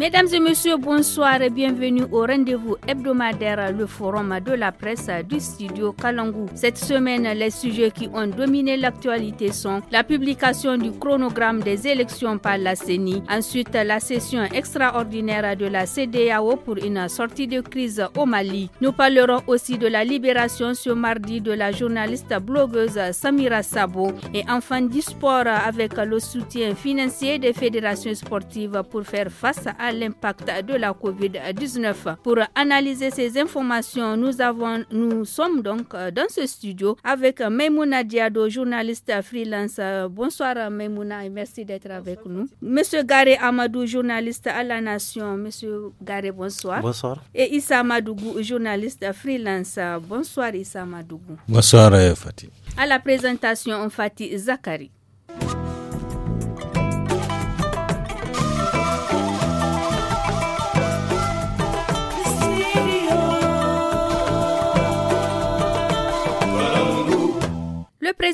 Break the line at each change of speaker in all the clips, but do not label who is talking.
Mesdames et messieurs, bonsoir et bienvenue au rendez-vous hebdomadaire, le forum de la presse du studio Kalangou. Cette semaine, les sujets qui ont dominé l'actualité sont la publication du chronogramme des élections par la CENI, ensuite la session extraordinaire de la CDAO pour une sortie de crise au Mali. Nous parlerons aussi de la libération ce mardi de la journaliste blogueuse Samira Sabo et enfin du sport avec le soutien financier des fédérations sportives pour faire face à l'impact de la COVID-19. Pour analyser ces informations, nous, avons, nous sommes donc euh, dans ce studio avec Maimouna Diado, journaliste freelance. Bonsoir Maimouna, et merci d'être avec nous. Monsieur Garé Amadou, journaliste à La Nation. Monsieur Garé, bonsoir. Bonsoir. Et Issa Madougou, journaliste freelance. Bonsoir Issa Madougou. Bonsoir euh, Fatih. À la présentation, Fatih Zakari.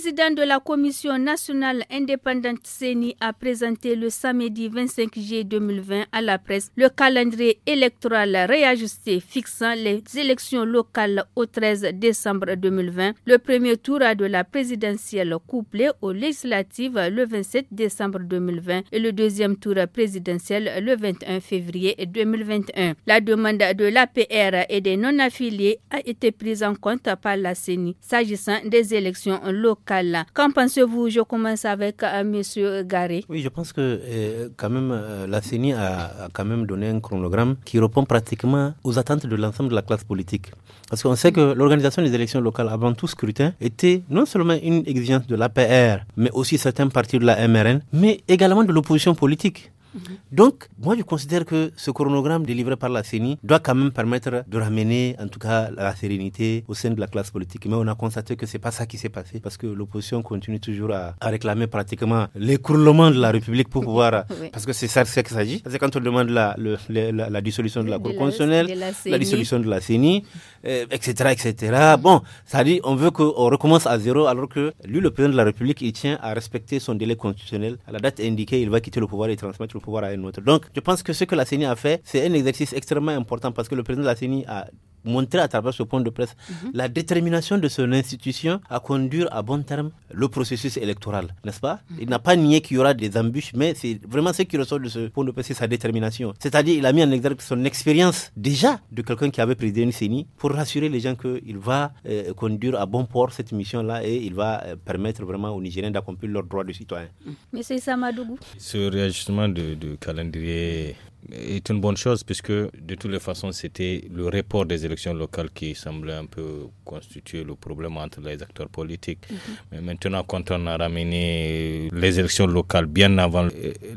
Le président de la Commission nationale indépendante CENI a présenté le samedi 25 juillet 2020 à la presse le calendrier électoral réajusté fixant les élections locales au 13 décembre 2020, le premier tour de la présidentielle couplée aux législatives le 27 décembre 2020 et le deuxième tour présidentiel le 21 février 2021. La demande de l'APR et des non-affiliés a été prise en compte par la CENI s'agissant des élections locales Qu'en pensez-vous Je commence avec euh, M. Garé.
Oui, je pense que euh, quand même, euh, la CENI a, a, quand même donné un chronogramme qui répond pratiquement aux attentes de l'ensemble de la classe politique. Parce qu'on sait que l'organisation des élections locales avant tout scrutin était non seulement une exigence de l'APR, mais aussi certains partis de la MRN, mais également de l'opposition politique. Mhm. Donc, moi, je considère que ce chronogramme délivré par la CENI doit quand même permettre de ramener, en tout cas, la sérénité au sein de la classe politique. Mais on a constaté que c'est pas ça qui s'est passé parce que l'opposition continue toujours à, réclamer pratiquement l'écroulement de la République pour pouvoir, euh, parce que c'est ça, ça qu'il s'agit. C'est quand on demande la, la, dissolution de la Cour constitutionnelle, la, dissolution de la CENI, etc., euh, etc. Bon, ça dit, on veut qu'on recommence à zéro alors que lui, le président de la République, il tient à respecter son délai constitutionnel. À la date indiquée, il va quitter le pouvoir et transmettre le pouvoir à une autre. Donc, je pense que ce que la CENI a fait, c'est un exercice extrêmement important parce que le président de la CENI a montrer à travers ce point de presse mhm. la détermination de son institution à conduire à bon terme le processus électoral, n'est-ce pas mhm. Il n'a pas nié qu'il y aura des embûches, mais c'est vraiment ce qui ressort de ce point de presse, c'est sa détermination. C'est-à-dire, il a mis en exergue son expérience déjà de quelqu'un qui avait présidé une CENI pour rassurer les gens qu'il va euh, conduire à bon port cette mission-là et il va euh, permettre vraiment aux Nigériens d'accomplir leurs droits de citoyens. Mm.
Monsieur Madougou
Ce
réajustement de, de calendrier est une bonne chose puisque de toutes les façons, c'était le report des élections locales qui semblait un peu constituer le problème entre les acteurs politiques. Mhm. Mais maintenant, quand on a ramené les élections locales bien avant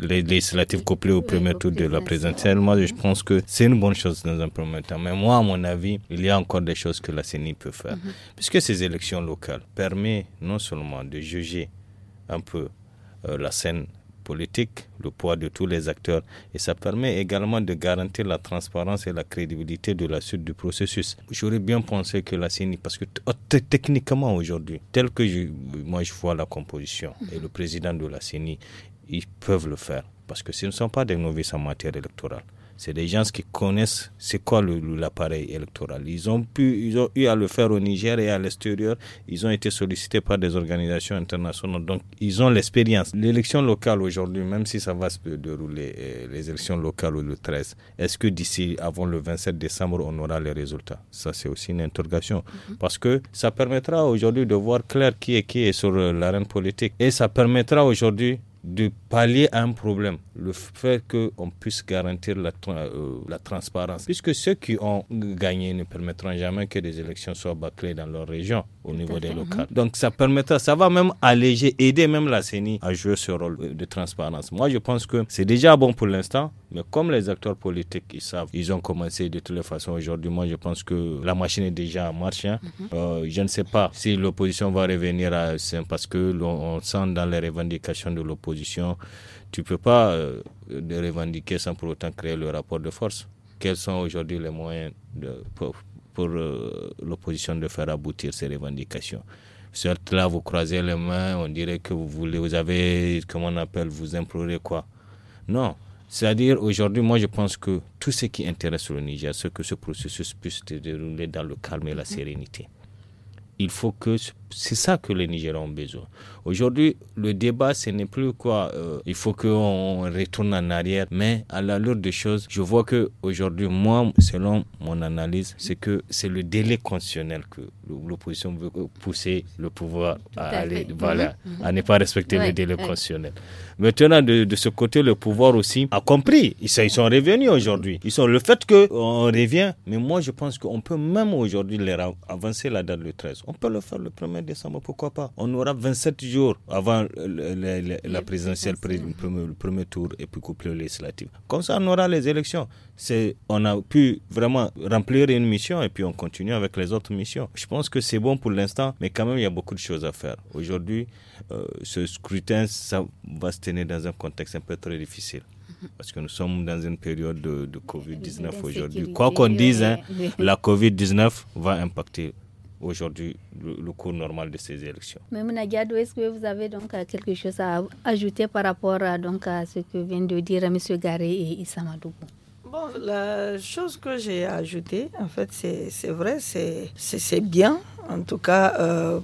les législatives couplées au premier tour de la présidentielle, moi, je pense que c'est une bonne chose dans un premier temps. Mais moi, à mon avis, il y a encore des choses que la CENI peut faire. Mhm. Puisque ces élections locales permettent non seulement de juger un peu euh, la scène politique, le poids de tous les acteurs et ça permet également de garantir la transparence et la crédibilité de la suite du processus. J'aurais bien pensé que la CENI, parce que oh, techniquement aujourd'hui, tel que moi je vois la composition et le président de la CENI, ils peuvent le faire parce que ce ne sont pas des novices en matière électorale. C'est des gens qui connaissent c'est quoi l'appareil électoral. Ils ont, pu, ils ont eu à le faire au Niger et à l'extérieur. Ils ont été sollicités par des organisations internationales. Donc, ils ont l'expérience. L'élection locale aujourd'hui, même si ça va se dérouler, euh, les élections locales le 13, est-ce que d'ici avant le 27 décembre, on aura les résultats Ça, c'est aussi une interrogation. Mm-hmm. Parce que ça permettra aujourd'hui de voir clair qui est qui est sur euh, l'arène politique. Et ça permettra aujourd'hui de pallier un problème, le fait qu'on puisse garantir la, euh, la, transparence. Puisque ceux qui ont gagné ne permettront jamais que des élections soient bâclées dans leur région au niveau des uh-huh. locales. Donc ça permettra, ça va même alléger, aider même la CENI à jouer ce rôle de transparence. Moi, je pense que c'est déjà bon pour l'instant, mais comme les acteurs politiques, ils savent, ils ont commencé de toutes les façons aujourd'hui. Moi, je pense que la machine est déjà en marche. Hein. Uh-huh. Euh, je ne sais pas si l'opposition va revenir à... parce que on sent dans les revendications de l'opposition tu ne peux pas euh, revendiquer sans pour autant créer le rapport de force. Quels sont aujourd'hui les moyens de, pour, euh, l'opposition de faire aboutir ces revendications Certes, là, vous croisez les mains, on dirait que vous voulez, vous avez, comment on appelle, vous implorez quoi Non. C'est-à-dire, aujourd'hui, moi, je pense que tout ce qui intéresse le Niger, c'est que ce processus puisse se dérouler dans le calme et la mm-hmm. sérénité. Il faut que c'est ça que les Nigériens ont besoin. Aujourd'hui, le débat, ce n'est plus quoi. Euh, il faut qu'on retourne en arrière. Mais à la l'allure des choses, je vois que aujourd'hui, moi, selon mon analyse, c'est que c'est le délai constitutionnel que l'opposition veut pousser le pouvoir à, aller, voilà, mhm. Mhm. à ne pas respecter le délai constitutionnel. Maintenant, de, ce côté, le pouvoir aussi a compris. Ils, sont revenus aujourd'hui. Ils sont le fait qu'on revient. Mais moi, je pense qu'on peut même aujourd'hui avancer la date le 13. On peut le faire le 1er décembre, pourquoi pas On aura 27 jours avant la présidentielle, le premier, premier, tour et puis couple législative. Comme ça, on aura les élections. C'est, on a pu vraiment remplir une mission et puis on continue avec les autres missions. Je pense que c'est bon pour l'instant, mais quand même, il y a beaucoup de choses à faire. Aujourd'hui, euh, ce scrutin, ça va se tenir dans un contexte un peu très difficile mhm. parce que nous sommes dans une période de, de Covid-19 aujourd'hui. Quoi qu'on dise, hein, la Covid-19 va impacter aujourd'hui le, cours normal de ces élections.
Mais Nagyadou, est-ce que vous avez donc euh, quelque chose à ajouter par rapport à, donc, à ce que vient de dire M. Garé et Issa
Bon, la chose que j'ai ajoutée, en fait, c'est vrai, c'est bien. En tout cas, euh,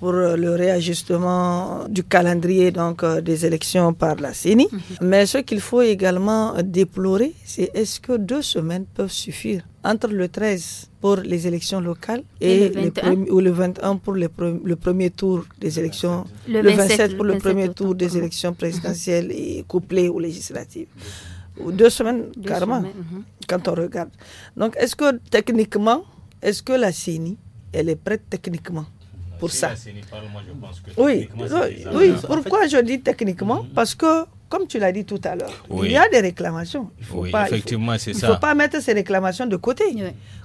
pour euh, le réajustement du calendrier donc euh, des élections par la CENI. Mhm. Mais ce qu'il faut également déplorer, c'est est-ce que deux semaines peuvent suffire entre le 13 pour les élections locales et, le, 21. ou le 21 pour le, premier tour des élections, le, 27, pour le, premier tour des élections mhm. présidentielles et couplées ou législatives deux semaines deux carrément, mhm. quand on regarde. Donc, est-ce que techniquement, est-ce que la CENI, elle est prête techniquement pour ça.
Oui, oui, pourquoi
je dis techniquement mm-hmm. Parce que comme tu l'as dit tout à l'heure, il y a des réclamations. Il faut pas, effectivement, c'est ça. ne faut pas mettre ces réclamations de côté.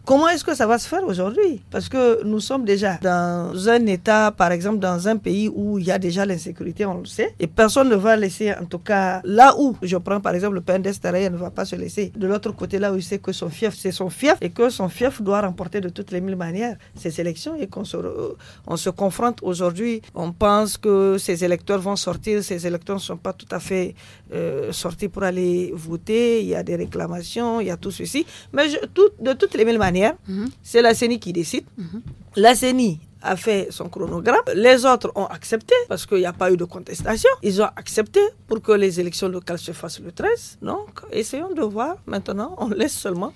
Comment est-ce que ça va se faire aujourd'hui Parce que nous sommes déjà dans un État, par exemple, dans un pays où il y a déjà l'insécurité, on le sait, et personne ne va laisser, en tout cas, là où, je prends par exemple le PNDS il ne va pas se laisser. De l'autre côté, là où il sait que son fief, c'est son fief, et que son fief doit remporter de toutes les mille manières ces élections, et qu'on se, euh, on se confronte aujourd'hui, on pense que ces électeurs vont sortir, ces électeurs ne sont pas tout à fait euh, sorti pour aller voter, il y a des réclamations, il y a tout ceci. Mais de toutes les mêmes manières, mhm. c'est la CENI qui décide. Mhm. La CENI a fait son chronogramme. Les autres ont accepté parce qu'il n'y a pas eu de contestation. Ils ont accepté pour que les élections locales se fassent le 13. Donc, essayons de voir. Maintenant, on laisse seulement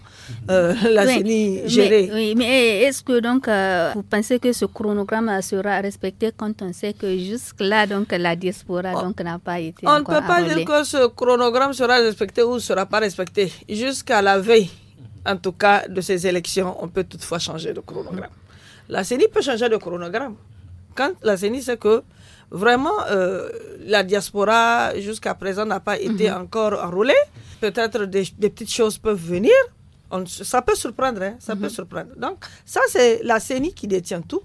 euh, la oui, gérer. Mais,
oui, mais est-ce que donc euh, vous pensez que ce chronogramme sera respecté quand on sait que jusque-là, donc la diaspora oh. n'a pas été. On ne peut pas dire
que ce chronogramme sera respecté ou ne sera pas respecté. Jusqu'à la veille, en tout cas, de ces élections, on peut toutefois changer de chronogramme. La CENI peut changer de chronogramme. Quand la CENI sait que vraiment euh, la diaspora jusqu'à présent n'a pas été mhm. encore enrôlée, peut-être des, petites choses peuvent venir. On, ça peut surprendre, hein, ça peut mhm. surprendre. Donc ça, c'est la CENI qui détient tout.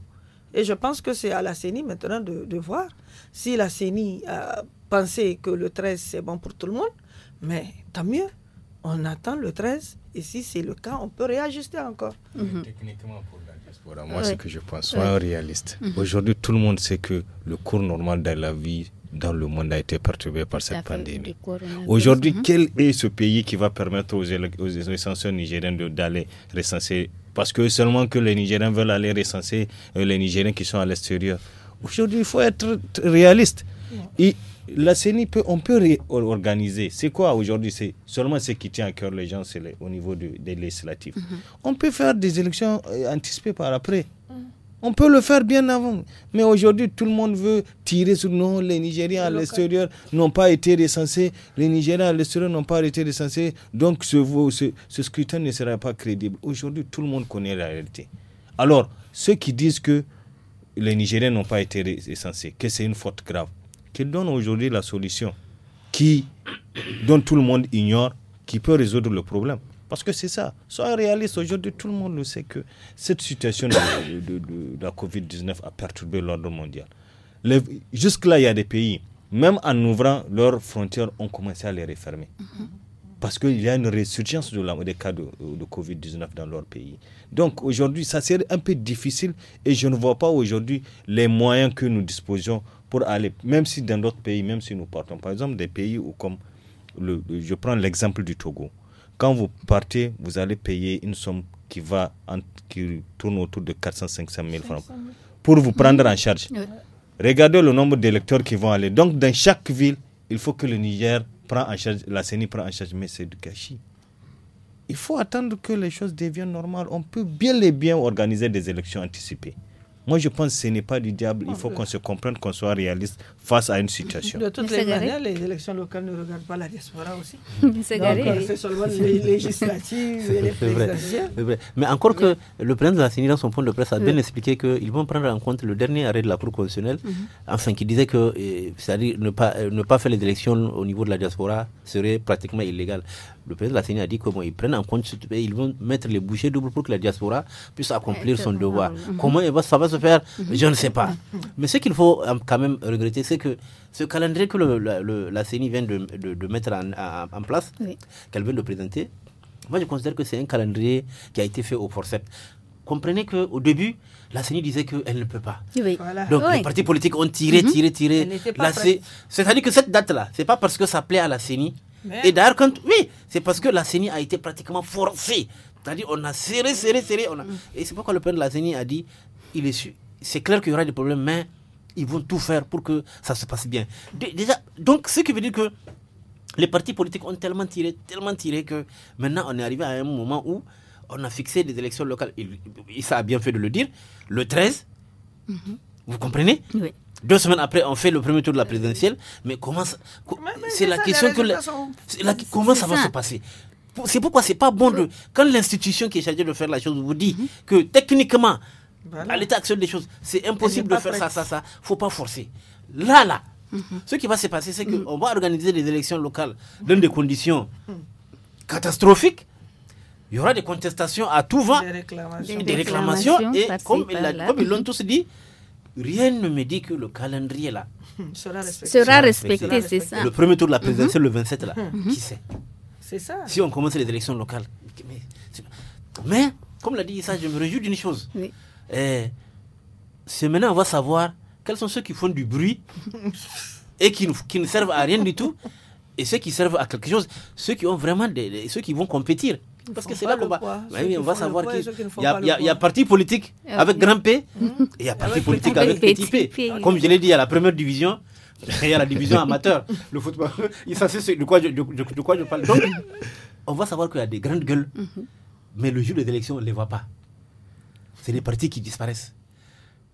Et je pense que c'est à la CENI maintenant de, voir si la CENI a pensé que le 13 c'est bon pour tout le monde, mais tant mieux, on attend le 13 et si c'est le cas, on peut réajuster encore. Mhm.
Techniquement, pour voilà, ah moi, c'est ce que je pense. Soyons réalistes. Mhm. Aujourd'hui, tout le monde sait que le cours normal de la vie dans le monde a été perturbé par cette pandémie. Aujourd'hui, mhm. quel est ce pays qui va permettre aux, aux nigériens d'aller recenser Parce que seulement que les Nigériens veulent aller recenser euh, les Nigériens qui sont à l'extérieur. Aujourd'hui, il faut être réaliste. Et la CENI, peut, on peut réorganiser. C'est quoi aujourd'hui C'est seulement ce qui tient à cœur les gens, c'est au niveau des législatives. Mm-hmm. On peut faire des élections euh, anticipées par après. On peut le faire bien avant. Mais aujourd'hui, tout le monde veut tirer sur nous. Les Nigériens à l'extérieur n'ont pas été recensés. Les Nigériens à l'extérieur n'ont pas été recensés. Donc, ce, ce, scrutin ne sera pas crédible. Aujourd'hui, tout le monde connaît la réalité. Alors, ceux qui disent que les Nigériens n'ont pas été recensés, que c'est une faute grave, qui donne aujourd'hui la solution, qui, dont tout le monde ignore, qui peut résoudre le problème. Parce que c'est ça. soit réaliste, aujourd'hui, tout le monde sait que cette situation de, la COVID-19 a perturbé l'ordre mondial. Jusque-là, il y a des pays, même en ouvrant leurs frontières, ont commencé à les refermer. Mm-hmm. Parce qu'il y a une résurgence de des cas de, COVID-19 dans leur pays. Donc aujourd'hui, ça c'est un peu difficile et je ne vois pas aujourd'hui les moyens que nous disposons pour aller, même si dans d'autres pays, même si nous partons, par exemple, des pays où, comme le, je prends l'exemple du Togo, quand vous partez, vous allez payer une somme qui va en, qui tourne autour de 400-500 000 francs pour vous prendre en charge. Regardez le nombre d'électeurs qui vont aller. Donc, dans chaque ville, il faut que le Niger prend en charge, la CENI prend en charge, mais c'est du gâchis. Il faut attendre que les choses deviennent normales. On peut bien les bien organiser des élections anticipées. Moi, je pense que ce n'est pas du diable. Il ah, faut qu'on se comprenne, qu'on soit réaliste
face à une situation. De
toutes les les élections locales ne regardent pas la diaspora aussi. Euh, c'est seulement les législatives et les
Mais encore que le président de la dans son point de presse, a bien mm. expliqué qu'ils vont prendre en compte le dernier arrêt de la Cour constitutionnelle, mm-hmm. enfin, qui disait que, ça euh, ne pas, euh, ne pas faire les élections au niveau de la diaspora serait pratiquement illégal le président de la CENI a dit comment ils prennent en compte ils vont mettre les bouchées doubles pour que la diaspora puisse accomplir son devoir. Mm-hmm. Comment ça va se faire, mm-hmm. je ne sais pas. Mm-hmm. Mais ce qu'il faut euh, quand même regretter, c'est que ce calendrier que le, la CENI vient de, mettre en, place, qu'elle vient de présenter, moi je considère que c'est un calendrier qui a été fait au forceps comprenez qu'au début, la CENI disait qu'elle ne peut pas.
Donc les partis politiques ont tiré, tiré,
tiré. C'est-à-dire que cette date-là, c'est pas parce que ça plaît à la CENI et d'ailleurs, quand. Oui, c'est parce que la CENI a été pratiquement forcée. C'est-à-dire, on a serré, serré, serré. On mm. Et c'est pourquoi le père de la CENI a dit il est c'est clair qu'il y aura des problèmes, mais ils vont tout faire pour que ça se passe bien. Déjà, donc, ce qui veut dire que les partis politiques ont tellement tiré, tellement tiré que maintenant, on est arrivé à un moment où on a fixé des élections locales. et ça a bien fait de le dire, le 13. Mm-hmm. Vous comprenez oui. Deux semaines après, on fait le premier tour de la euh, présidentielle. Mais comment C'est la ça, question que. comment ça, va se passer C'est pourquoi c'est pas bon de. Quand l'institution qui est chargée de faire la chose vous dit mm-hmm. que techniquement, à l'état actuel des choses, c'est impossible de faire ça, ça, ça, faut pas forcer. Là, là, mm-hmm. ce qui va se passer, c'est qu'on mm-hmm. va organiser des élections locales dans des conditions catastrophiques. Il y aura des contestations à tout vent, des réclamations, des réclamations et comme ils l'ont tous dit, rien ne me dit que le calendrier là hmm, sera respecté. c'est ça. Le
premier tour de la mhm. présidentielle,
le 27 là, mhm. qui sait C'est ça.
Si on commence les élections locales. Mais, comme l'a dit Issa, je me réjouis d'une chose. Euh, c'est maintenant on va savoir quels sont ceux qui font du bruit et qui, qui ne servent à rien du tout et ceux qui servent à quelque chose, ceux qui ont vraiment des, ceux qui vont compétir. Parce que c'est là qu'on va. Bah on va savoir qu'il y, a, parti politique avec grand P et il y a parti politique avec petit P. Comme je l'ai dit, il y a la première division, il y a la division amateur, le football. ça, de quoi, je, parle. Donc, on va savoir qu'il y a des grandes gueules, mhm. mais le jour des élections, on ne les voit pas. C'est les partis qui disparaissent.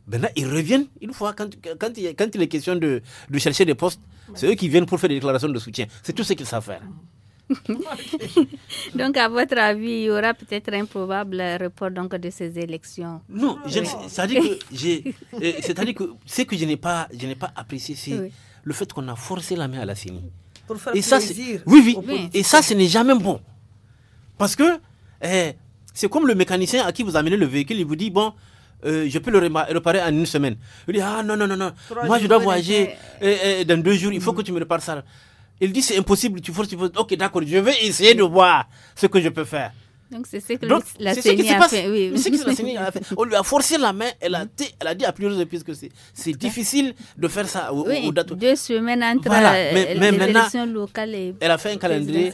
Maintenant, ils reviennent une fois quand, il, est question de chercher des postes. C'est eux qui viennent pour faire des déclarations de soutien. C'est tout ce qu'ils savent faire. Mhm.
donc, à votre avis, il y aura peut-être un probable report donc, de ces élections Non, euh,
c'est-à-dire que, ce que je n'ai pas, pas apprécié, c'est le fait qu'on a forcé la main à la CENI.
Pour faire et ça, oui, oui.
Et ça, ce n'est jamais bon. Parce que eh, c'est comme le mécanicien à qui vous amenez le véhicule, il vous dit, bon, euh, je peux le réparer en une semaine. Il dit, ah non, non, non, non, moi je dois voyager eh, eh, dans deux jours, il faut que tu me répares ça. Il dit c'est impossible, tu forces, tu forces. Ok, d'accord, je vais essayer de voir ce que je peux faire.
Donc c'est ce que la CENI a fait. C'est ce que la CENI a fait.
On lui a forcé la main, elle a, elle a dit à plusieurs reprises que c'est difficile de faire ça au, oui, au
Deux semaines entre voilà. Euh, mais, les élections locales et elle a fait un calendrier.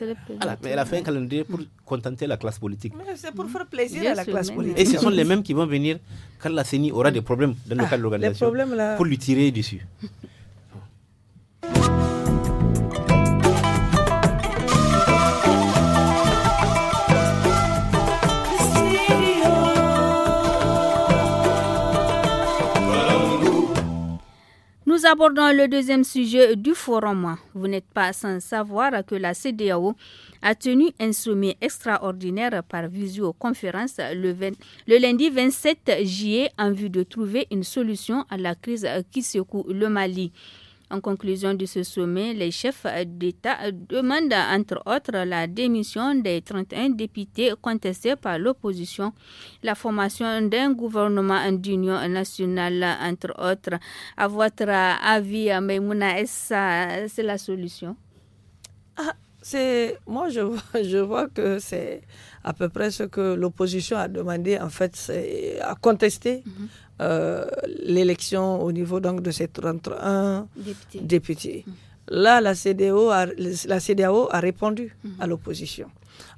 mais elle a fait un
calendrier pour contenter la classe politique.
C'est pour
faire plaisir à la classe politique.
Et ce sont les mêmes qui vont venir quand la CENI aura des problèmes dans le cadre de ah, l'organisation pour lui tirer dessus.
Nous abordons le deuxième sujet du forum. Vous n'êtes pas sans savoir que la CDAO a tenu un sommet extraordinaire par visioconférence le, le, lundi 27 juillet en vue de trouver une solution à la crise qui secoue le Mali. En conclusion de ce sommet, les chefs d'État demandent entre autres la démission des 31 députés contestés par l'opposition, la formation d'un gouvernement d'union nationale entre autres. À votre avis, Maimouna, est-ce c'est la solution
ah, c'est moi je vois, que c'est à peu près ce que l'opposition a demandé en fait, c'est à contester. Mhm. Euh, l'élection au niveau donc de ces 31 députés. Hum. Là, la CDAO a, la CDAO a répondu hum. à l'opposition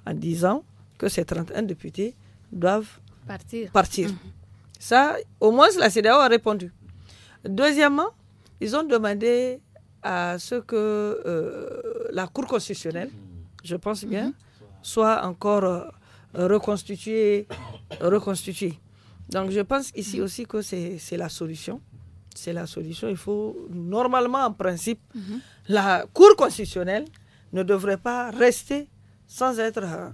en disant que ces 31 députés doivent
partir. partir.
Hum. Ça, au moins, la CDAO a répondu. Deuxièmement, ils ont demandé à ce que euh, la Cour constitutionnelle, je pense bien, soit encore euh, reconstituée. reconstituée. Donc je pense ici mm. aussi que c'est la solution. C'est la solution. Il faut, normalement, en principe, mm-hmm. la Cour constitutionnelle ne devrait pas rester sans être euh,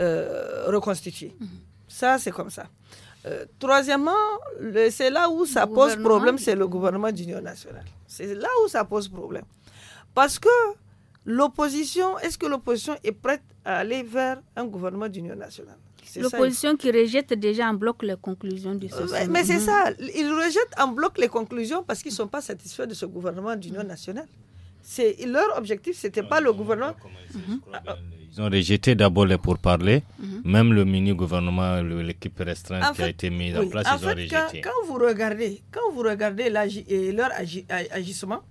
euh, reconstituée. Mm-hmm. Ça, c'est comme ça. Euh, troisièmement, c'est là où ça pose problème, c'est le gouvernement d'union nationale. C'est là où ça pose problème. Parce que l'opposition, est-ce que l'opposition est prête à aller vers un gouvernement d'union nationale L'opposition
qui rejette déjà en bloc les conclusions du sommet. Mais c'est mhm. ça,
ils rejettent en bloc les conclusions parce qu'ils ne sont pas satisfaits de ce gouvernement d'union mhm. nationale. C'est leur objectif, c'était pas le gouvernement. Mhm. Euh,
ils ont rejeté d'abord les pourparlers, même le mini-gouvernement, l'équipe restreinte qui a été mise en place,
ils ont rejeté. Quand, vous regardez, quand vous regardez euh, leur agissement,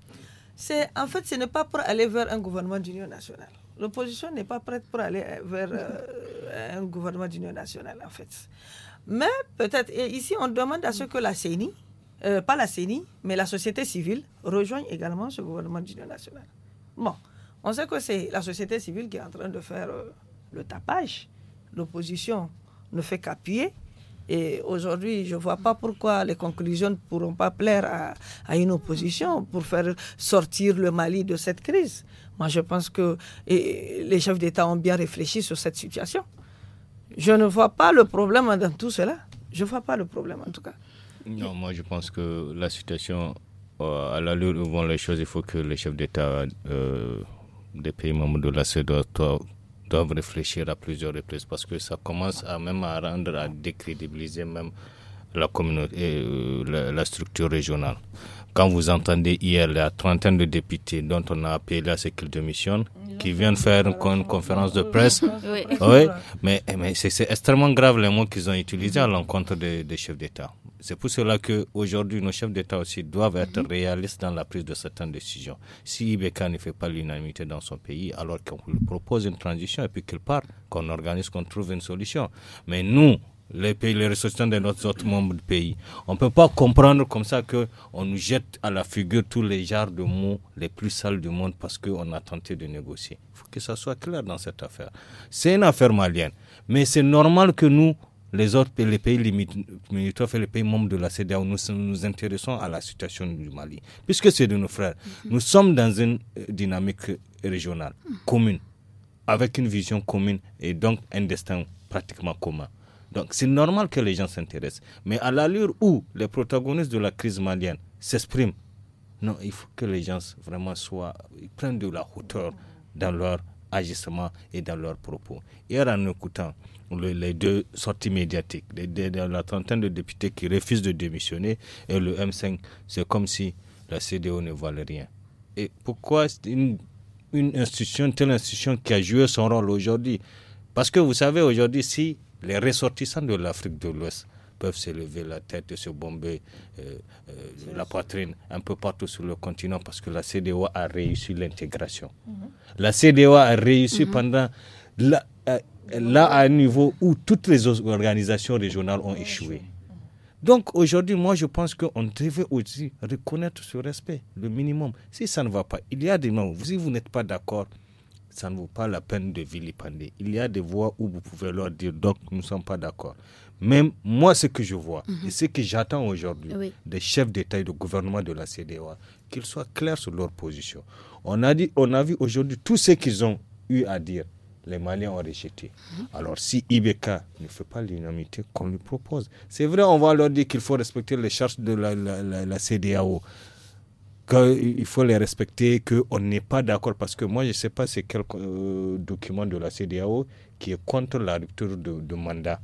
c'est en fait, ce n'est pas pour aller vers un gouvernement d'union nationale. L'opposition n'est pas prête pour aller vers euh, un gouvernement d'union nationale, en fait. Mais peut-être, ici, on demande à ce que la CENI, euh, pas la CENI, mais la société civile, rejoigne également ce gouvernement d'union nationale. Bon, on sait que c'est la société civile qui est en train de faire euh, le tapage. L'opposition ne fait qu'appuyer. Et aujourd'hui, je ne vois pas pourquoi les conclusions ne pourront pas plaire à, à, une opposition pour faire sortir le Mali de cette crise. Moi, je pense que les chefs d'État ont bien réfléchi sur cette situation. Je ne vois pas le problème dans tout cela. Je ne vois pas le problème, en tout cas.
Non, moi, je pense que la situation, euh, à l'allure où vont les choses, il faut que les chefs d'État euh, des pays membres de la doivent, doivent réfléchir à plusieurs reprises parce que ça commence à même à rendre, à décrédibiliser même la communauté, euh, la structure régionale. Quand vous entendez hier la trentaine de députés dont on a appelé à ce qu'ils démissionnent, qui viennent faire une, conférence de presse, oui. mais, mais c'est extrêmement grave les mots qu'ils ont utilisés à l'encontre des, chefs d'État. C'est pour cela qu'aujourd'hui, nos chefs d'État aussi doivent être mhm. réalistes dans la prise de certaines décisions. Si Ibeka ne fait pas l'unanimité dans son pays, alors qu'on lui propose une transition et puis qu'il part, qu'on organise, qu'on trouve une solution. Mais nous, les pays, les ressortissants de notre autres membres du pays. On ne peut pas comprendre comme ça qu'on nous jette à la figure tous les genres de mots les plus sales du monde parce qu'on a tenté de négocier. Il faut que ça soit clair dans cette affaire. C'est une affaire malienne. Mais c'est normal que nous, les autres les pays limitrophes et les pays membres de la CDAO, nous nous intéressons à la situation du Mali, puisque c'est de nos frères. Mm-hmm. Nous sommes dans une euh, dynamique régionale, mm. commune, avec une vision commune et donc un destin pratiquement commun. Donc c'est normal que les gens s'intéressent. Mais à l'allure où les protagonistes de la crise malienne s'expriment, non, il faut que les gens vraiment soient, ils prennent de la hauteur dans leur agissement et dans leurs propos. Hier, en écoutant les deux sorties médiatiques, la trentaine de députés qui refusent de démissionner et le M5, c'est comme si la CDO ne valait rien. Et pourquoi une institution, telle institution qui a joué son rôle aujourd'hui Parce que vous savez, aujourd'hui, si les ressortissants de l'Afrique de l'Ouest peuvent se lever la tête et se bomber euh, euh, la poitrine un peu partout sur le continent parce que la CDOA a réussi l'intégration. Mhm. La CDOA a réussi mhm. pendant euh, là à un niveau où toutes les organisations régionales ont échoué. Mhm. Donc aujourd'hui, moi je pense qu'on devait aussi reconnaître ce respect, le minimum. Si ça ne va pas, il y a des moments Si vous n'êtes pas d'accord, ça ne vaut pas la peine de vilipender. Il y a des voix où vous pouvez leur dire donc nous ne sommes pas d'accord. Même moi, ce que je vois mhm. et ce que j'attends aujourd'hui des chefs d'État et de gouvernement de la CDOA, qu'ils soient clairs sur leur position. On a, dit, on a vu aujourd'hui tout ce qu'ils ont eu à dire. Les Maliens ont rejeté. Mhm. Alors, si IBK ne fait pas l'unanimité qu'on lui propose, c'est vrai, on va leur dire qu'il faut respecter les charges de la, la, la CDAO qu'il faut les respecter, qu'on n'est pas d'accord, parce que moi, je ne sais pas c'est quel euh, document de la CDAO qui est contre la rupture de, mandat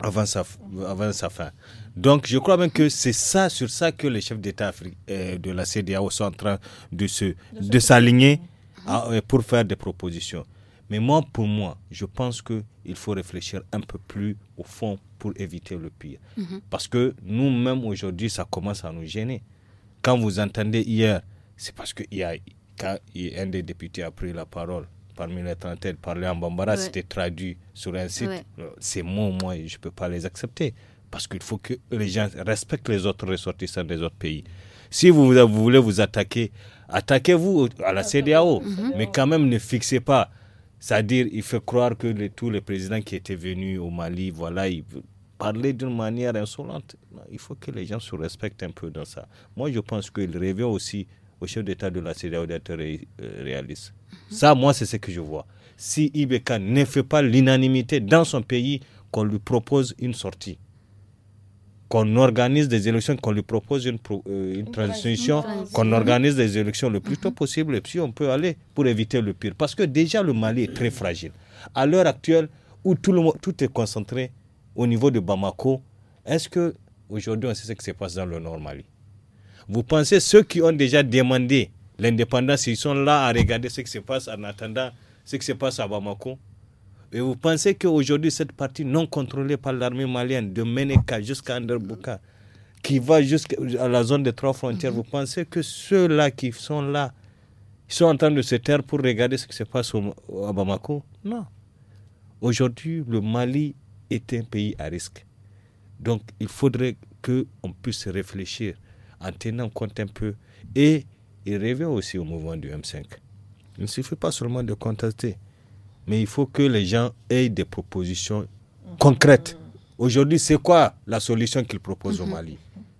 avant sa, avant sa fin. Donc, je crois même que c'est ça, sur ça que les chefs d'État euh, de la CDAO sont en train de se, de s'aligner euh, pour faire des propositions. Mais moi, pour moi, je pense qu'il faut réfléchir un peu plus au fond pour éviter le pire. Mm-hmm. Parce que nous-mêmes, aujourd'hui, ça commence à nous gêner quand vous entendez hier, c'est parce que y a, quand un des députés a pris la parole parmi les trentaines, parler en bambara, c'était traduit sur un site. Euh, c'est Ces mots, moi, je ne peux pas les accepter. Parce qu'il faut que les gens respectent les autres ressortissants des autres pays. Si vous, voulez vous attaquer, attaquez-vous à la CDAO, mhm. mais quand même ne fixez pas. C'est-à-dire, il fait croire que tous les présidents qui étaient venus au Mali, voilà, ils, parler d'une manière insolente. il faut que les gens se respectent un peu dans ça. Moi, je pense qu'il revient aussi au chef d'État de la CDAO d'être euh, réaliste. Mhm. Ça, moi, c'est ce que je vois. Si Ibeka ne fait pas l'unanimité dans son pays, qu'on lui propose une sortie, qu'on organise des élections, qu'on lui propose une, euh, une transition, qu'on organise des élections le plus tôt possible, et puis on peut aller pour éviter le pire. Parce que déjà, le Mali est très fragile. À l'heure actuelle, où tout, le tout est concentré au niveau de Bamako, est-ce que aujourd'hui on sait ce qui se passe dans le Nord Mali Vous pensez ceux qui ont déjà demandé l'indépendance, ils sont là à regarder ce qui se passe en attendant ce qui se passe à Bamako et vous pensez qu'aujourd'hui, cette partie non contrôlée par l'armée malienne, de Meneka jusqu'à Anderbuka, qui va jusqu'à la zone des trois frontières, vous pensez que ceux-là qui sont là, ils sont en train de se taire pour regarder ce qui se passe au, à Bamako Non. Aujourd'hui, le Mali est un pays à risque. Donc il faudrait qu'on puisse réfléchir en tenant compte un peu. Et il revient aussi au mouvement du M5. Il ne suffit pas seulement de contester, mais il faut que les gens aient des propositions concrètes. Aujourd'hui, c'est quoi la solution qu'ils proposent au Mali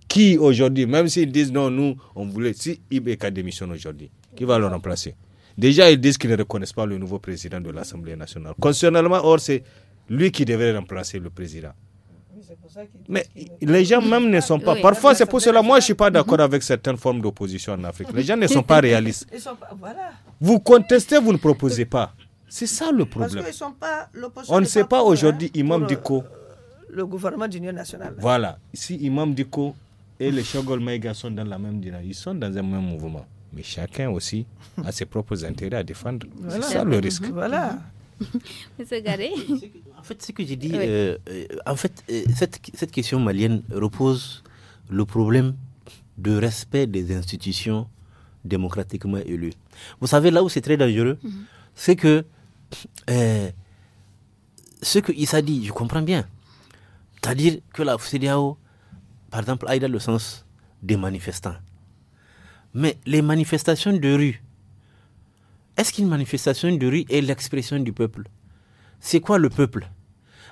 Qui aujourd'hui, même s'ils disent non, nous, on voulait, si Ibeka démissionne aujourd'hui, qui va le remplacer Déjà, ils disent qu'ils ne reconnaissent pas le nouveau président de l'Assemblée nationale. Constitutionnellement, or, c'est lui qui devrait remplacer le président. Mais les gens même ne sont pas. Parfois, c'est pour cela. Moi, je ne suis pas d'accord avec certaines formes d'opposition en Afrique. Les gens ne sont pas réalistes. Vous contestez, vous ne proposez pas. C'est ça le problème.
On ne sait pas aujourd'hui, hein, Imam Diko.
Euh,
le, gouvernement d'union nationale.
Voilà. Si Imam Diko et les Shogol sont dans la même dynamique, ils sont dans un même mouvement. Mais chacun aussi a ses propres intérêts à défendre. C'est ça le risque.
Voilà. Mhm. Monsieur Garé. En fait, ce que j'ai dit, euh,
en fait, euh, cette, question malienne repose le problème de respect des institutions démocratiquement élues. Vous savez, là où c'est très dangereux, mhm. c'est que euh, ce que Issa dit, je comprends bien. C'est-à-dire que la FCDAO, par exemple, a dans le sens des manifestants. Mais les manifestations de rue, est-ce qu'une manifestation de rue est l'expression du peuple c'est quoi le peuple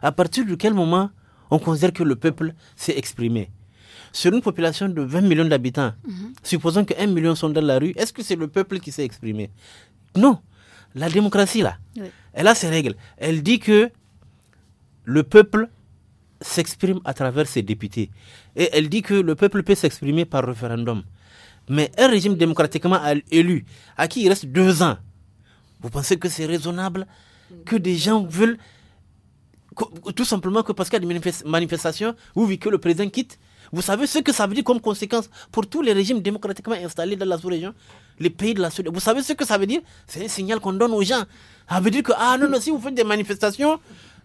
À partir de quel moment on considère que le peuple s'est exprimé Sur une population de 20 millions d'habitants, mhm. supposons que 1 million sont dans la rue, est-ce que c'est le peuple qui s'est exprimé Non. La démocratie, là, elle a ses règles. Elle dit que le peuple s'exprime à travers ses députés. Et elle dit que le peuple peut s'exprimer par référendum. Mais un régime démocratiquement élu, à qui il reste deux ans, vous pensez que c'est raisonnable que des gens veulent tout simplement que parce qu'il y a des manifestations, ou que le président quitte. Vous savez ce que ça veut dire comme conséquence pour tous les régimes démocratiquement installés dans la sous-région, les pays de la sous Vous savez ce que ça veut dire C'est un signal qu'on donne aux gens. Ça veut dire que, ah non, non, si vous faites des manifestations,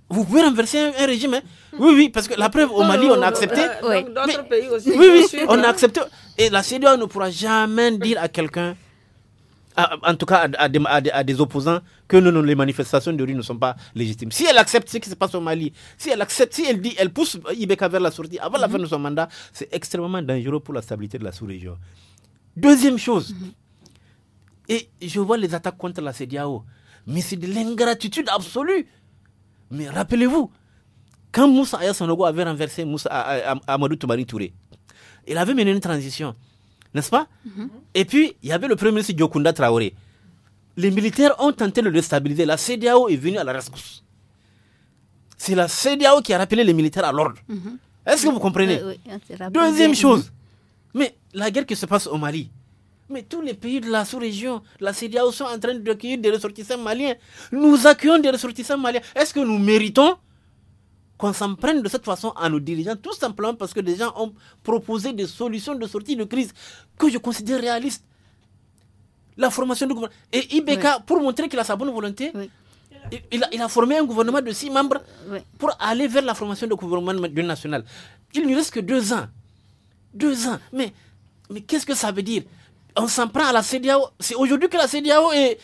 vous pouvez renverser un, régime. Hein. Hmm. Oui, oui, parce que la preuve, au oh, Mali, on a accepté. oui. Euh, d'autres
pays aussi. Oui, oui, on a
accepté. Et la CDA ne pourra jamais dire à quelqu'un ah, en tout cas à, des, opposants que non, les manifestations de rue ne sont pas légitimes. Si elle accepte ce qui se passe au Mali, si elle accepte, si elle dit, elle pousse Ibeka vers la sortie avant la fin de son mandat, c'est extrêmement dangereux pour la stabilité de la sous-région. Deuxième chose, et je vois les attaques contre la CDAO, mais c'est de l'ingratitude absolue. Mais rappelez-vous, quand Moussa Ayasanogo avait renversé Moussa, Amadou Toumani Touré, il avait mené une transition n'est-ce pas mm-hmm. Et puis, il y avait le premier ministre Yokunda Traoré. Les militaires ont tenté de le déstabiliser. La CDAO est venue à la rescousse. C'est la CDAO qui a rappelé les militaires à l'ordre. Mm-hmm. Est-ce que vous comprenez Deuxième mm-hmm. chose, mais la guerre qui se passe au Mali, mais tous les pays de la sous-région, la CDAO sont en train d'accueillir des ressortissants maliens. Nous accueillons des ressortissants maliens. Est-ce que nous méritons qu'on s'en prenne de cette façon à nos dirigeants, tout simplement parce que des gens ont proposé des solutions de sortie de crise que je considère réalistes. La formation du gouvernement. Et Ibeka, pour montrer qu'il a sa bonne volonté, il, a, formé un gouvernement de six membres pour aller vers la formation du gouvernement national. Il ne reste que deux ans. Deux ans. Mais, mais qu'est-ce que ça veut dire On s'en prend à la CDAO. C'est aujourd'hui que la CDAO est,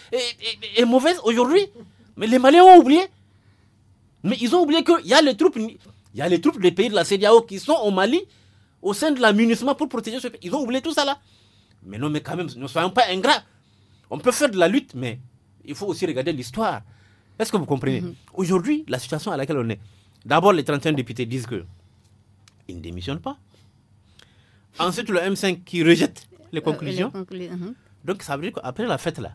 est, mauvaise, aujourd'hui. Mais les Maliens ont oublié. Mais ils ont oublié qu'il y a les troupes, il y a les troupes des pays de la CDAO qui sont au Mali, au sein de la pour protéger ce pays. Ils ont oublié tout ça là. Mais non, mais quand même, ne soyons pas ingrats. On peut faire de la lutte, mais il faut aussi regarder l'histoire. Est-ce que vous comprenez mhm. Aujourd'hui, la situation à laquelle on est, d'abord les 31 députés disent que ils ne démissionnent pas. Ensuite, le M5 qui rejette euh, les conclusions. Uh-huh. Donc ça veut dire qu'après la fête là,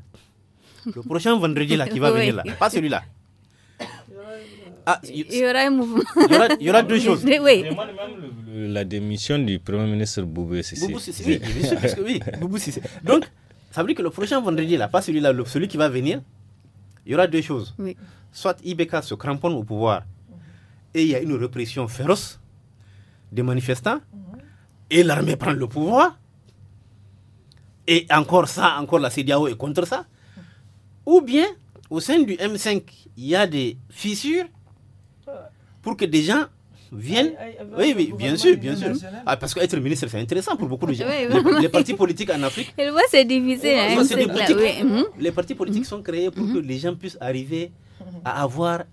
le prochain vendredi là qui va venir là, pas celui-là. Ah, il y aura un mouvement. Il y aura, deux choses. même la
démission du Premier ministre Boubou Sissé. oui, oui,
Donc, ça veut dire que le prochain vendredi, là, pas celui-là, celui qui va venir, il y aura deux choses. Soit Ibeka se cramponne au pouvoir et il y a une répression féroce des manifestants mhm. et l'armée prend le pouvoir. Et encore ça, encore la CDAO est contre ça. Mhm. Ou bien, au sein du M5, il y a des fissures pour que des gens viennent. oui, oui, bien sûr, bien sûr. Ah, parce qu'être ministre, c'est intéressant pour beaucoup de gens. Les, partis politiques en Afrique.
Elle voit c'est divisé. Hein, hum.
Les partis politiques hum. sont créés pour que hum. les gens puissent arriver à avoir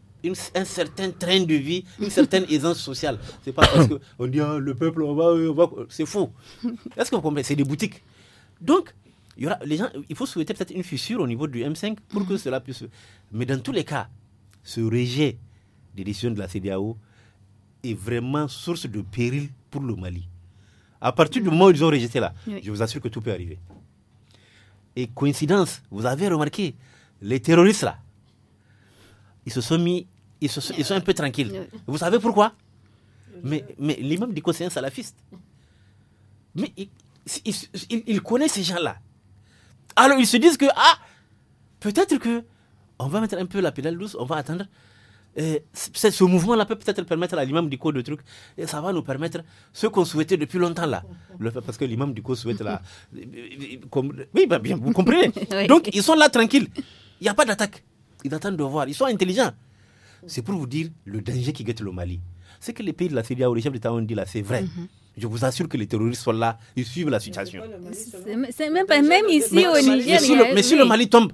un certain train de vie, une certaine aisance sociale. C'est pas parce qu'on dit hein, le peuple, on va, on va c'est faux. Est-ce que vous comprenez C'est des boutiques. Donc, il y aura, les gens, il faut souhaiter peut-être une fissure au niveau du M5 pour que cela puisse. Mais dans tous les cas, ce rejet des de la CDAO est vraiment source de péril pour le Mali. À partir du mm. moment où ils ont rejeté là, je vous assure que tout peut arriver. Et coïncidence, vous avez remarqué, les terroristes là, ils se sont mis, ils, sont, un peu tranquilles. Vous savez pourquoi Mais, mais l'imam dit c'est un salafiste. Mais il, connaît ces gens-là. Alors ils se disent que, ah, peut-être que on va mettre un peu la pédale douce, on va attendre ce mouvement-là peut peut-être permettre à l'imam du coup de truc, et ça va nous permettre ce qu'on souhaitait depuis longtemps là. parce que l'imam du coup souhaite là. oui, bah, bien, vous comprenez. Donc ils sont là tranquilles. Il n'y a pas d'attaque. Ils attendent de voir. Ils sont intelligents. C'est pour vous dire le danger qui guette le Mali. C'est que les pays de la Syrie ou les chefs d'État ont dit là, c'est vrai. Mhm. je vous assure que les terroristes sont là, ils suivent la situation.
même, ici au Niger. Mais, si, le, Mali tombe,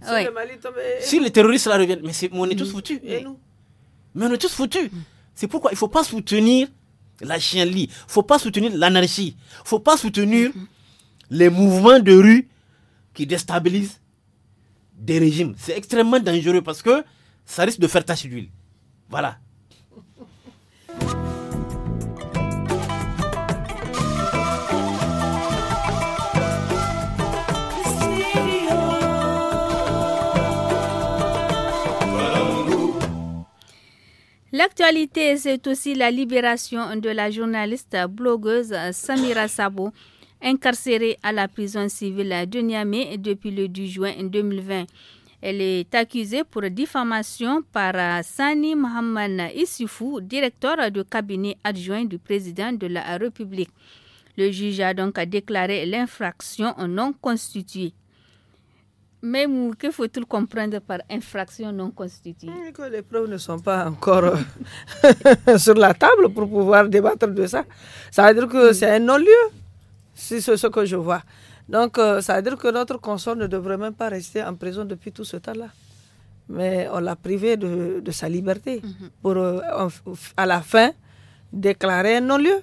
si, les terroristes là reviennent, mais on est tous foutus. Et nous mais on est tous foutus. C'est pourquoi il ne faut pas soutenir la chienlit. Il ne faut pas soutenir l'anarchie. Il ne faut pas soutenir les mouvements de rue qui déstabilisent des régimes. C'est extrêmement dangereux parce que ça risque de faire tache d'huile. Voilà.
L'actualité, c'est aussi la libération de la journaliste blogueuse Samira Sabo, incarcérée à la prison civile de Niamey depuis le 10 juin 2020. Elle est accusée pour diffamation par euh, Sani Mohamed Issoufou, directeur de cabinet adjoint du président de la République. Le juge a donc déclaré l'infraction non constituée. Même que faut-il comprendre par infraction non constituée que Les preuves ne sont
pas encore euh, sur la table pour pouvoir débattre de ça. Ça veut dire que c'est un non-lieu, si c'est ce que je vois. Donc, euh, ça veut dire que notre consort ne devrait même pas rester en prison depuis tout ce temps-là. Mais on l'a privé de, de, sa liberté mhm. pour, euh, à la fin, déclarer un non-lieu.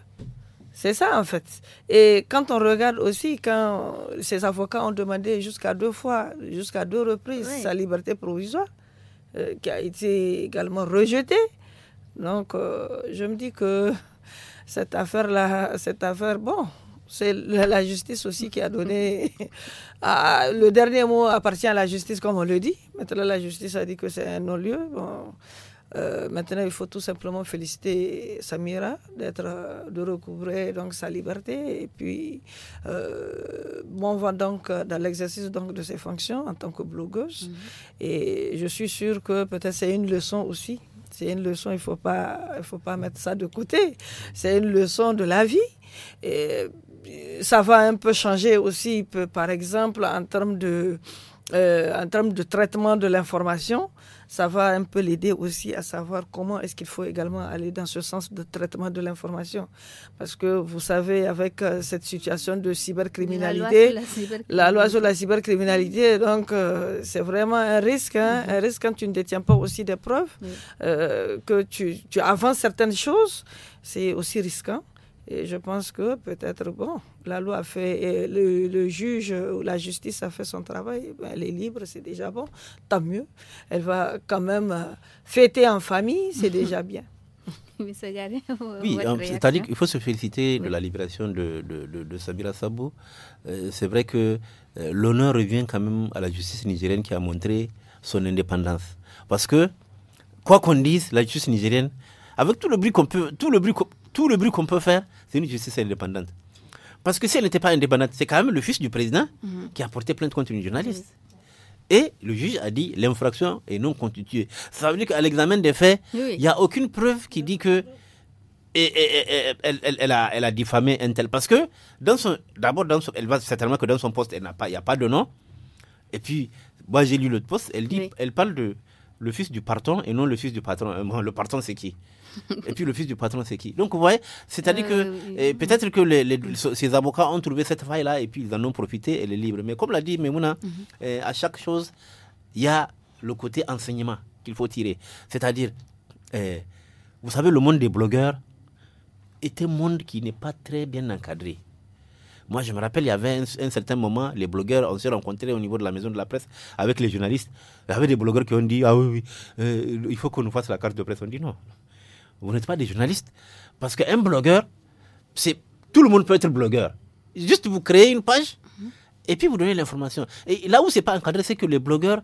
C'est ça en fait. Et quand on regarde aussi, quand ces avocats ont demandé jusqu'à deux fois, jusqu'à deux reprises sa liberté provisoire, euh, qui a été également rejetée. Donc euh, je me dis que cette affaire-là, cette affaire, bon, c'est la justice aussi qui a donné. le dernier mot appartient à la justice, comme on le dit. Maintenant, la justice a dit que c'est un non-lieu. Bon, euh, maintenant, il faut tout simplement féliciter Samira d'être, euh, de recouvrer donc sa liberté. Et puis, euh, bon donc euh, dans l'exercice donc de ses fonctions en tant que blogueuse. Mhm. Et je suis sûre que peut-être c'est une leçon aussi. C'est une leçon, il faut il faut pas mettre ça de côté. C'est une leçon de la vie. Et ça va un peu changer aussi, par exemple, en termes de, en termes de traitement de l'information ça va un peu l'aider aussi à savoir comment est-ce qu'il faut également aller dans ce sens de traitement de l'information. Parce que vous savez, avec euh, cette situation de cybercriminalité, la loi sur la cybercriminalité, donc euh, c'est vraiment un risque, hein, un risque quand tu ne détiens pas aussi des preuves, euh, que tu, tu avances certaines choses, c'est aussi risquant. Et je pense que peut-être, bon, la loi a fait, le, juge ou la justice a fait son travail, ben, elle est libre, c'est déjà bon, tant mieux. Elle va quand même euh, fêter en famille, c'est déjà bien. oui, c'est-à-dire qu'il
faut se féliciter de la libération de, Sabira Sabo. Euh, c'est vrai que euh, l'honneur revient quand même à la justice nigérienne qui a montré son indépendance. Parce que, quoi qu'on dise, la justice nigérienne, avec tout le bruit qu'on peut, tout le bruit qu'on peut faire, c'est une justice indépendante. Parce que si elle n'était pas indépendante, c'est quand même le fils du président mhm. qui a porté plainte contre une journaliste. Et le juge a dit l'infraction est non constituée. Ça veut dire qu'à l'examen des faits, il n'y a aucune preuve qui dit que elle, a, diffamé un tel. Parce que d'abord, elle va certainement que dans son poste, il n'y a pas de nom. Et puis, moi j'ai lu l'autre poste, elle, dit, elle parle de le fils du patron et non le fils du patron. Euh, le patron, c'est qui et puis le fils du patron, c'est qui Donc vous voyez, c'est-à-dire que euh, peut-être que ces avocats ont trouvé cette faille-là et puis ils en ont profité, et les libre. Mais comme l'a dit Memouna, mhm. euh, à chaque chose, il y a le côté enseignement qu'il faut tirer. C'est-à-dire, euh, vous savez, le monde des blogueurs est un monde qui n'est pas très bien encadré. Moi, je me rappelle, il y avait un, certain moment, les blogueurs, on s'est rencontrés au niveau de la maison de la presse avec les journalistes. Il y avait des blogueurs qui ont dit Ah oui, oui, il faut qu'on nous fasse la carte de presse. On dit non, vous n'êtes pas des journalistes. Parce qu'un blogueur, c'est tout le monde peut être blogueur. Juste vous créez une page et puis vous donnez l'information. Et là où ce n'est pas encadré, c'est que les blogueurs,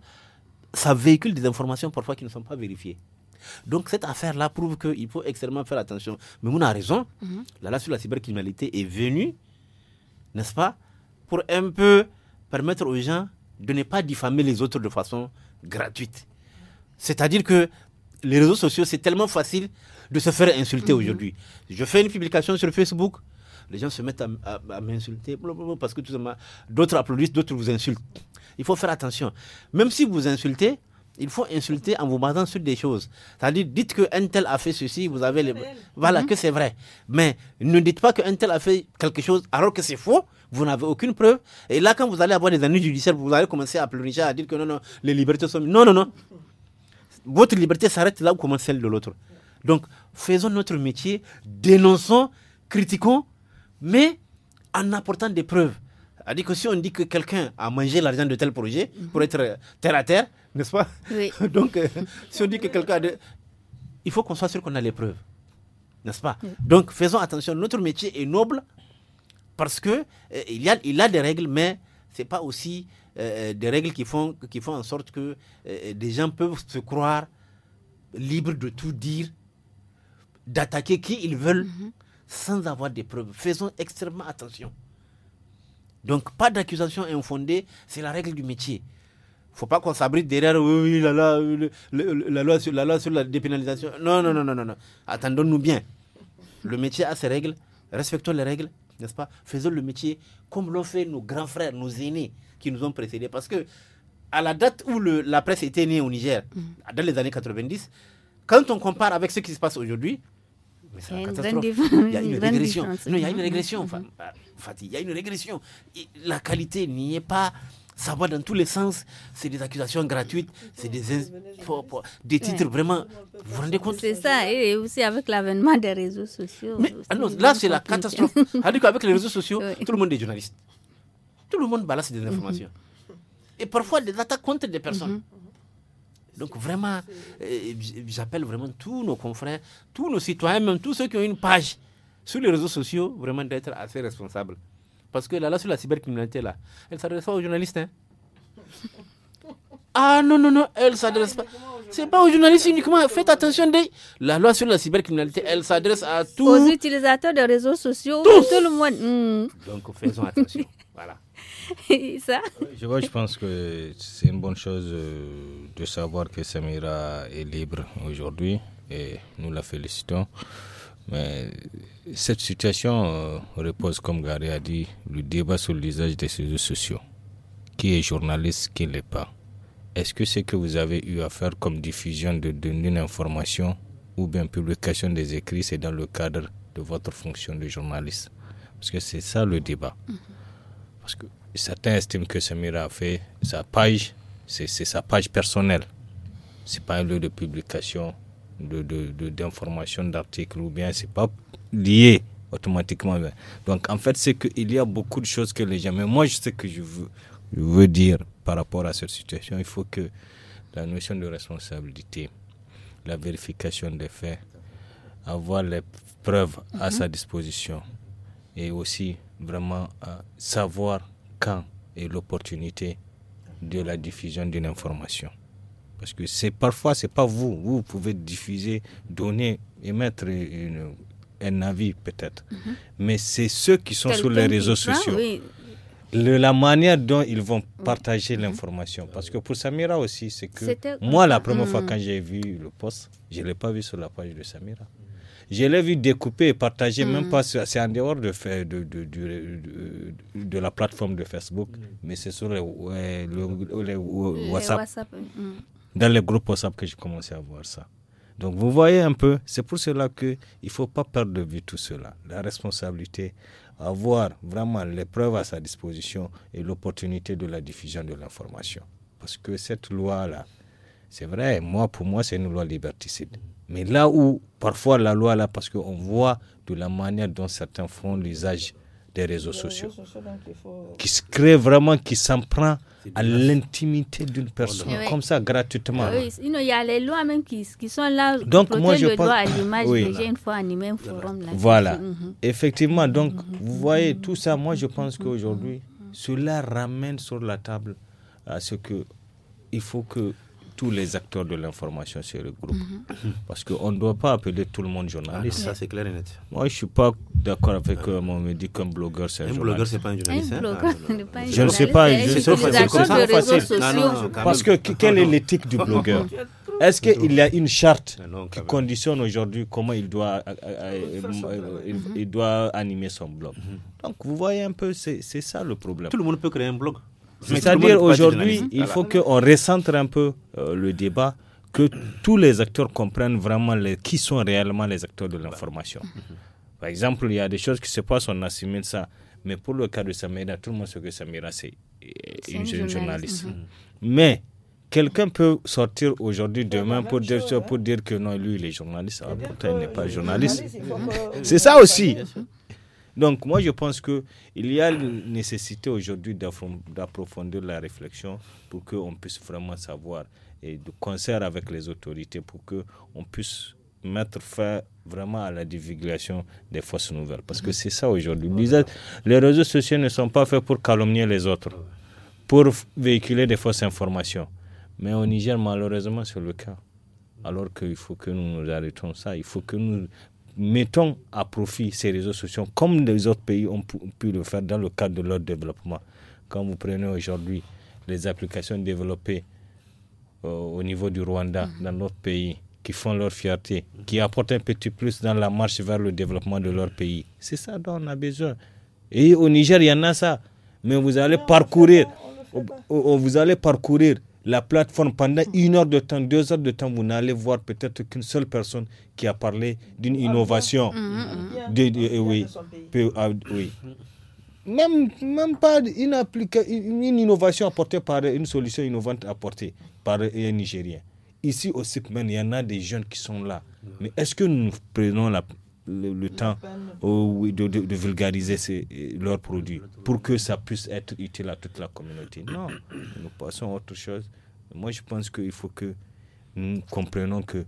ça véhicule des informations parfois qui ne sont pas vérifiées. Donc cette affaire-là prouve qu'il faut extrêmement faire attention. Mais on a raison. Mhm. La loi sur la cybercriminalité est venue, n'est-ce pas, pour un peu permettre aux gens de ne pas diffamer les autres de façon gratuite. C'est-à-dire que les réseaux sociaux, c'est tellement facile de se faire insulter mhm. aujourd'hui. Je fais une publication sur Facebook, les gens se mettent à, m'insulter parce que tout d'autres applaudissent, d'autres vous insultent. Il faut faire attention. Même si vous insultez, il faut insulter en vous basant sur des choses. C'est-à-dire, dites qu'un tel a fait ceci, vous avez les... Voilà, mhm. que c'est vrai. Mais ne dites pas qu'un tel a fait quelque chose alors que c'est faux, vous n'avez aucune preuve. Et là, quand vous allez avoir des années judiciaires, vous allez commencer à pleurer, à dire que non, non, les libertés sont... Non, non, non, votre liberté s'arrête là où commence celle de l'autre. Donc, faisons notre métier, dénonçons, critiquons, mais en apportant des preuves. C'est-à-dire que si on dit que quelqu'un a mangé l'argent de tel projet pour être euh, terre à terre, n'est-ce pas Donc, euh, si on dit que quelqu'un a de... Il faut qu'on soit sûr qu'on a les preuves, n'est-ce pas Donc, faisons attention, notre métier est noble parce qu'il euh, y a, il a des règles, mais ce n'est pas aussi euh, euh, des règles qui font, qui font en sorte que euh, des gens peuvent se croire libres de tout dire, d'attaquer qui ils veulent, mhm. sans avoir des preuves. Faisons extrêmement attention. Donc, pas d'accusation infondée, c'est la règle du métier. Faut pas qu'on s'abrite derrière oui, oui la, la, la, loi sur, la loi sur la dépénalisation. Non, non, non, non, non. non. Attendons-nous bien. Le métier a ses règles. Respectons les règles, n'est-ce pas Faisons le métier comme l'ont fait nos grands frères, nos aînés qui nous ont précédé Parce que à la date où le, la presse était née au Niger, mm. dans les années 90, quand on compare avec ce qui se passe aujourd'hui,
il y, a une régression. il y a une régression.
Enfin, il y a une régression. La qualité n'y est pas. Ça va dans tous les sens. C'est des accusations gratuites. C'est des, des titres vraiment. Vous vous rendez
compte C'est ça. Et aussi avec l'avènement des réseaux sociaux.
Ah là, c'est la catastrophe. avec les réseaux sociaux, tout le monde est journaliste
tout le monde balance des informations. Mhm. Et
parfois des attaques contre des personnes. Mhm. Donc vraiment, euh, j'appelle vraiment tous nos confrères, tous nos citoyens, même tous ceux qui ont une page sur les réseaux sociaux, vraiment d'être assez responsables. Parce que la loi sur la cybercriminalité, là, elle s'adresse pas aux journalistes. Hein. Ah non, non, non, elle s'adresse pas. C'est pas aux journalistes uniquement. Faites attention. La loi sur la cybercriminalité, elle s'adresse à tous. Aux
utilisateurs des réseaux sociaux, tout le monde. Hmm. Donc faisons attention. voilà. ça ah
je, vois, je pense que
c'est une bonne chose euh, de savoir que Samira est libre aujourd'hui et nous la félicitons. Mais cette situation euh, repose, comme Gary a dit, le débat sur l'usage des réseaux sociaux. Qui est journaliste, qui ne l'est pas Est-ce que ce que vous avez eu à faire comme diffusion de données d'informations ou bien publication des écrits, c'est dans le cadre de votre fonction de journaliste Parce que c'est ça le débat.
Mm-hmm.
Parce que certains estiment que Samira a fait sa page, c'est sa page personnelle. C'est pas un lieu de publication, d'informations, de, de, d'articles ou bien c'est pas lié automatiquement. Donc en fait, c'est qu'il y a beaucoup de choses que les gens. Mais moi, je sais que je veux, je veux dire par rapport à cette situation, il faut que la notion de responsabilité, la vérification des faits, avoir les preuves à mhm. sa disposition et aussi vraiment euh, savoir et l'opportunité de la diffusion d'une information. Parce que c'est parfois, c'est pas vous. Vous pouvez diffuser, donner, émettre une, un avis peut-être. Mm-hmm. Mais c'est ceux qui sont sur les réseaux sociaux. la manière dont ils vont partager mm-hmm. l'information. Parce que pour Samira aussi, c'est que moi, la première fois mm. quand j'ai vu le poste, je ne l'ai pas vu sur la page de Samira. Je l'ai vu découper et partager, même mm. pas, c'est en dehors de, euh, de, de, la plateforme de Facebook, mm. mais c'est sur WhatsApp, mm. dans les groupes WhatsApp que j'ai commencé à voir ça. Donc vous voyez un peu, c'est pour cela qu'il ne faut pas perdre de vue tout cela. La responsabilité, avoir vraiment les preuves à sa disposition et l'opportunité de la diffusion de l'information. Parce que cette loi-là, c'est vrai, moi, pour moi, c'est une loi liberticide. Mais là où parfois la loi, là, parce qu'on voit de la manière dont certains font l'usage des réseaux sociaux, qui se crée vraiment, qui s'en prend à l'intimité d'une oh personne, comme ça, gratuitement.
il y a les lois même qui, sont là. Donc, moi, je le pense... à l'image, oui. une fois animé un forum. Là, voilà. Mhm.
Effectivement, donc, mhm. vous voyez, tout ça, moi, je pense qu'aujourd'hui, mhm. cela ramène sur la table à euh, ce que il faut que tous les acteurs de l'information sur le groupe. Mhm. Mhm. Parce qu'on ne doit pas appeler tout le monde journaliste. Ah, ça, c'est clair et net. Moi, je ne suis pas d'accord avec ah. me dit qu'un blogueur, c'est un, un blogueur, c'est pas un journaliste. Hein. Ah, je ne sais pas. C'est ça facile. Parce que quelle est l'éthique du blogueur Est-ce qu'il y a une charte ah, qui conditionne aujourd'hui comment il doit, euh, euh, euh, il, il, doit animer son blog mhm. Donc, vous voyez un peu, c'est ça le problème. Tout le monde peut créer un blog. C'est-à-dire aujourd'hui, il faut qu'on recentre un peu euh, le débat, que tous les acteurs comprennent vraiment qui sont réellement les acteurs de l'information. Mhm. Par exemple, il y a des choses qui se passent, on assimile ça. Mais pour le cas de Samira, tout le monde sait que Samira, c'est une, journaliste. Mhm. Mais quelqu'un peut sortir aujourd'hui, demain, pour dire, pour dire que non, lui, il est journaliste. Ah, pourtant, il n'est pas journaliste. Mhm. C'est ça aussi. Donc moi je pense qu'il y a une nécessité aujourd'hui d'approfondir la réflexion pour qu'on puisse vraiment savoir et de concert avec les autorités pour qu'on puisse mettre fin vraiment à la divulgation des fausses nouvelles. Parce que mhm. c'est ça aujourd'hui. Les réseaux sociaux ne sont pas faits pour calomnier les autres, pour véhiculer des fausses informations. Mais au Niger, malheureusement, c'est le cas. Alors qu'il faut que nous nous arrêtons ça. Il faut que nous mettons à profit ces réseaux sociaux comme les autres pays ont pu, le faire dans le cadre de leur développement. Quand vous prenez aujourd'hui les applications développées euh, au niveau du Rwanda, mm. dans notre pays, qui font leur fierté, qui apportent un petit plus dans la marche vers le développement de leur pays. C'est ça dont on a besoin. Et au Niger, il y en a ça. Mais vous allez parcourir, vous allez parcourir la plateforme pendant une heure de temps, deux heures de temps, vous n'allez voir peut-être qu'une seule personne qui a parlé d'une innovation.
Ah,
oui, Même, pas une, innovation apportée par une solution innovante apportée par un Nigérien. Ici au CIPMEN, il y en a des jeunes qui sont là. Mais est-ce que nous prenons la, le, temps de, vulgariser leurs produits pour que ça puisse être utile à toute la communauté. Non, nous passons à autre chose. Moi, je pense qu'il faut que nous comprenions que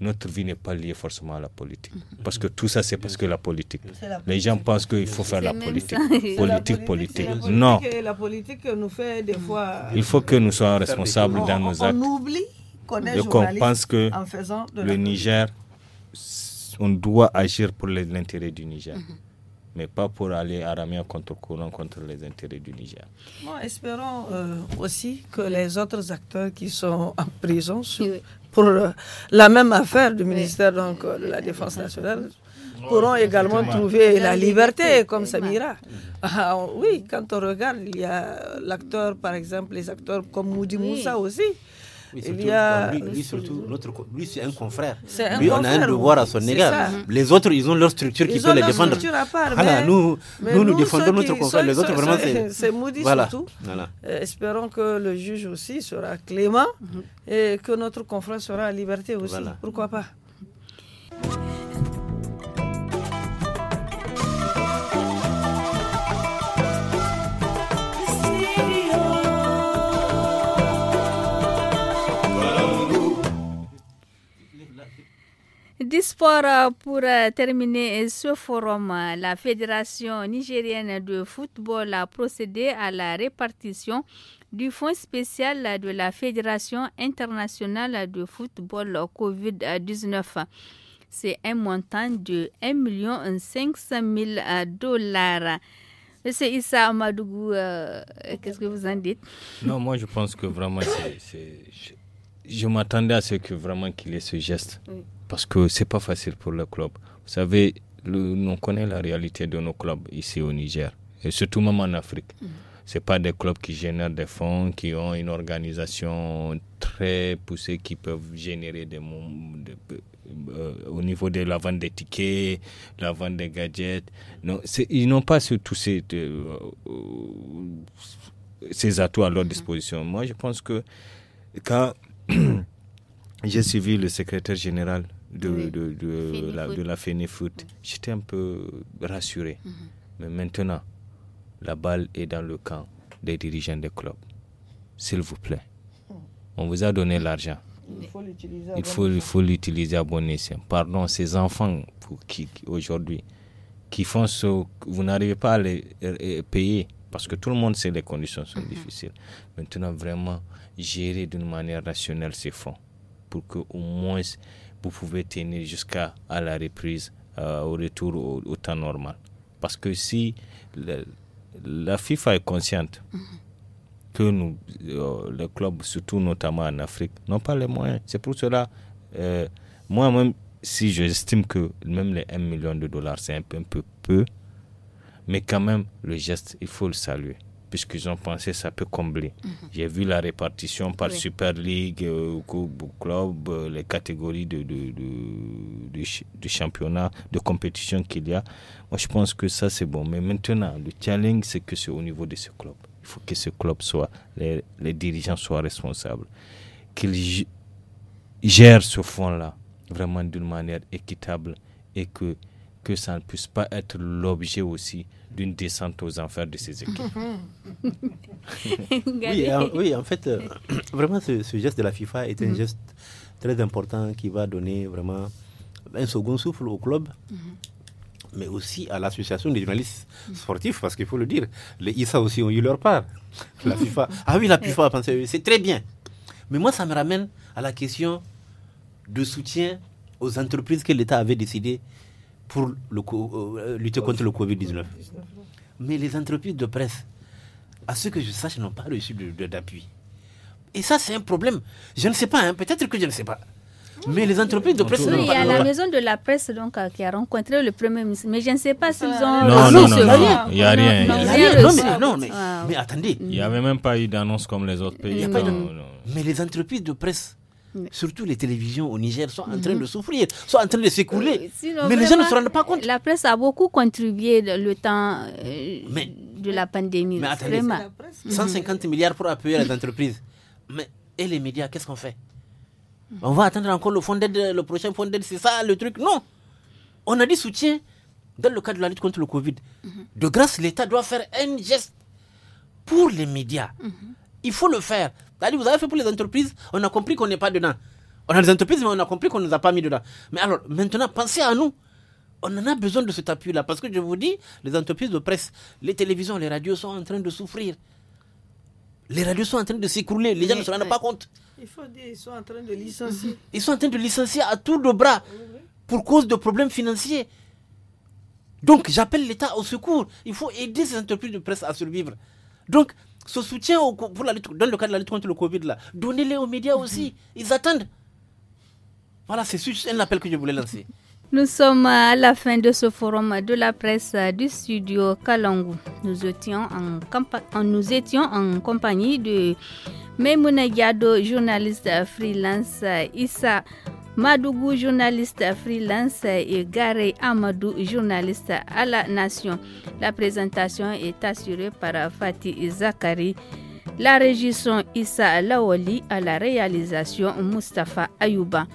notre vie n'est pas liée forcément à la politique. Parce que tout ça, c'est parce que la politique. Les gens pensent qu'il faut faire la
politique. politique. Politique, Non. La politique nous fait des mm. fois. Il faut que nous soyons responsables dans nos actes. On oublie qu'on est pense que le
Niger, on doit agir pour l'intérêt du Niger. Mhm. mais pas pour aller à Ramia contre-courant contre les intérêts du Niger.
espérons euh, aussi que les autres acteurs qui sont en prison pour euh, la même affaire du ministère euh, de la Défense nationale pourront également trouver la liberté, comme Samira. Ah, oui, quand on regarde, il y a l'acteur, par exemple, les acteurs comme Moudi Moussa aussi il a... lui,
surtout, notre, lui, c'est un confrère. lui, on a un devoir à son égard. Les autres, ils ont leur structure qui peut les défendre. nous, nous, nous, défendons notre confrère. Les autres, vraiment, c'est. maudit surtout.
Euh, espérons que le juge aussi sera clément mhm. et que notre confrère sera à liberté aussi. Pourquoi pas?
Disport pour euh, terminer ce forum. La Fédération nigérienne de football a procédé à la répartition du Fonds spécial de la Fédération internationale de football COVID-19. C'est un montant de 1 million de euh, dollars. Monsieur Issa Amadougou, euh, qu'est-ce que vous en dites
Non, moi je pense que vraiment, je, m'attendais à ce que vraiment qu'il ait ce geste parce que c'est pas facile pour le club. Vous savez, nous on connaît la réalité de nos clubs ici au Niger et surtout même en Afrique. ne mm. C'est pas des clubs qui génèrent des fonds, qui ont une organisation très poussée, qui peuvent générer des, euh, au niveau de la vente des tickets, la vente des gadgets. Non, ils n'ont pas tous ces, euh, ces atouts à leur mm-hmm. disposition. Moi, je pense que quand j'ai suivi le secrétaire général de, de, de, la, de, la, J'étais un peu rassuré. Mhm. Mais maintenant, la balle est dans le camp des dirigeants des clubs. S'il vous plaît, mhm. on vous a donné l'argent.
Il faut
l'utiliser à bon escient. Pardon, ces enfants pour qui aujourd'hui qui font ce vous n'arrivez pas à les euh, euh, payer parce que tout le monde sait que les conditions sont mhm. difficiles. Maintenant, vraiment gérer d'une manière rationnelle ces fonds pour que au moins vous pouvez tenir jusqu'à à la reprise, euh, au retour au, temps normal. Parce que si la FIFA est consciente mm-hmm. que nous, club, euh, les clubs, surtout notamment en Afrique, n'a pas les moyens, c'est pour cela, euh, moi-même, si j'estime que même les 1 million de dollars, c'est un peu, un peu peu, mais quand même, le geste, il faut le saluer puisqu'ils ont pensé ça peut combler. Mhm. J'ai vu la répartition par Super League, euh, club, euh, les catégories de, de, de, championnat, de compétition qu'il y a. Moi, je pense que ça, c'est bon. Mais maintenant, le challenge, c'est que c'est au niveau de ce club. Il faut que ce club soit, les, les dirigeants soient responsables, qu'ils gèrent ce fonds-là vraiment d'une manière équitable et que que ça ne puisse pas être l'objet aussi d'une descente aux enfers de ces équipes.
oui, en,
fait, euh, vraiment, ce, geste de la FIFA est un mm-hmm. geste très important qui va donner vraiment un second souffle au club. Mm-hmm. mais aussi à l'association des journalistes mm-hmm. sportifs, parce qu'il faut le dire, les ISA aussi ont eu leur part. La FIFA, ah oui, la FIFA a pensé, c'est très bien. Mais moi, ça me ramène à la question de soutien aux entreprises que l'État avait décidé pour le euh, euh, lutter ah, contre le Covid-19. Mais les entreprises de presse, à ce que je sache, n'ont pas reçu d'appui. Et ça, c'est un problème. Je ne sais pas, hein. peut-être que je ne sais pas. Mais les entreprises de presse. il y a la
maison de la presse donc, euh, qui a rencontré le Premier ministre. Mais je ne sais pas s'ils ont. Non, non, non, il n'y a rien. Non,
mais, ah, attendez. Il n'y avait
même pas eu d'annonce comme les autres pays. Mm.
Mais les entreprises de presse Surtout les télévisions au Niger sont en train mhm. de souffrir, sont en train de s'écouler.
mais les gens ne se rendent pas compte. La presse a beaucoup contribué le temps euh, de la pandémie. 150
mhm. milliards pour appuyer les entreprises. Mais, et les médias, qu'est-ce qu'on fait On va attendre encore le fond d'aide, le prochain fonds d'aide, c'est ça le truc Non On a dit soutien dans le cadre de la lutte contre le Covid. Mhm. De grâce, l'État doit faire un geste pour les médias. Il faut le faire vous avez fait pour les entreprises, on a compris qu'on n'est pas dedans. On a des entreprises, mais on a compris qu'on ne nous a pas mis dedans. Mais alors, maintenant, pensez à nous. On en a besoin de cet appui-là. Parce que je vous dis, les entreprises de presse, les télévisions, les radios sont en train de souffrir. Les radios sont en train de s'écrouler. Les gens ne se rendent pas compte.
Il faut dire, ils sont en train de licencier.
Ils sont en train de licencier à tour de bras pour cause de problèmes financiers. Donc, j'appelle l'État au secours. Il faut aider ces entreprises de presse à survivre. Donc, ce soutien pour la lutte, dans le cadre de la lutte contre le Covid, là, donnez-les aux médias aussi. Ils attendent. Voilà, c'est juste un appel que je voulais lancer.
Nous sommes à la fin de ce forum de la presse euh, du studio Kalangou. Nous étions en, nous étions en compagnie de Memouna journaliste euh, freelance euh, Issa Madougou, journaliste freelance, et Garey Amadou, journaliste à la Nation. La présentation est assurée par Fatih Zakari. La régisson Issa Lawali à la réalisation Mustapha Ayouba.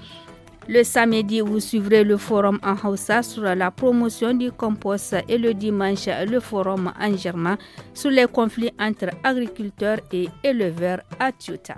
Le samedi, vous suivrez le forum en Hausa sur la promotion du compost et le dimanche, le forum en germain sur les conflits entre agriculteurs et éleveurs à Tchouta.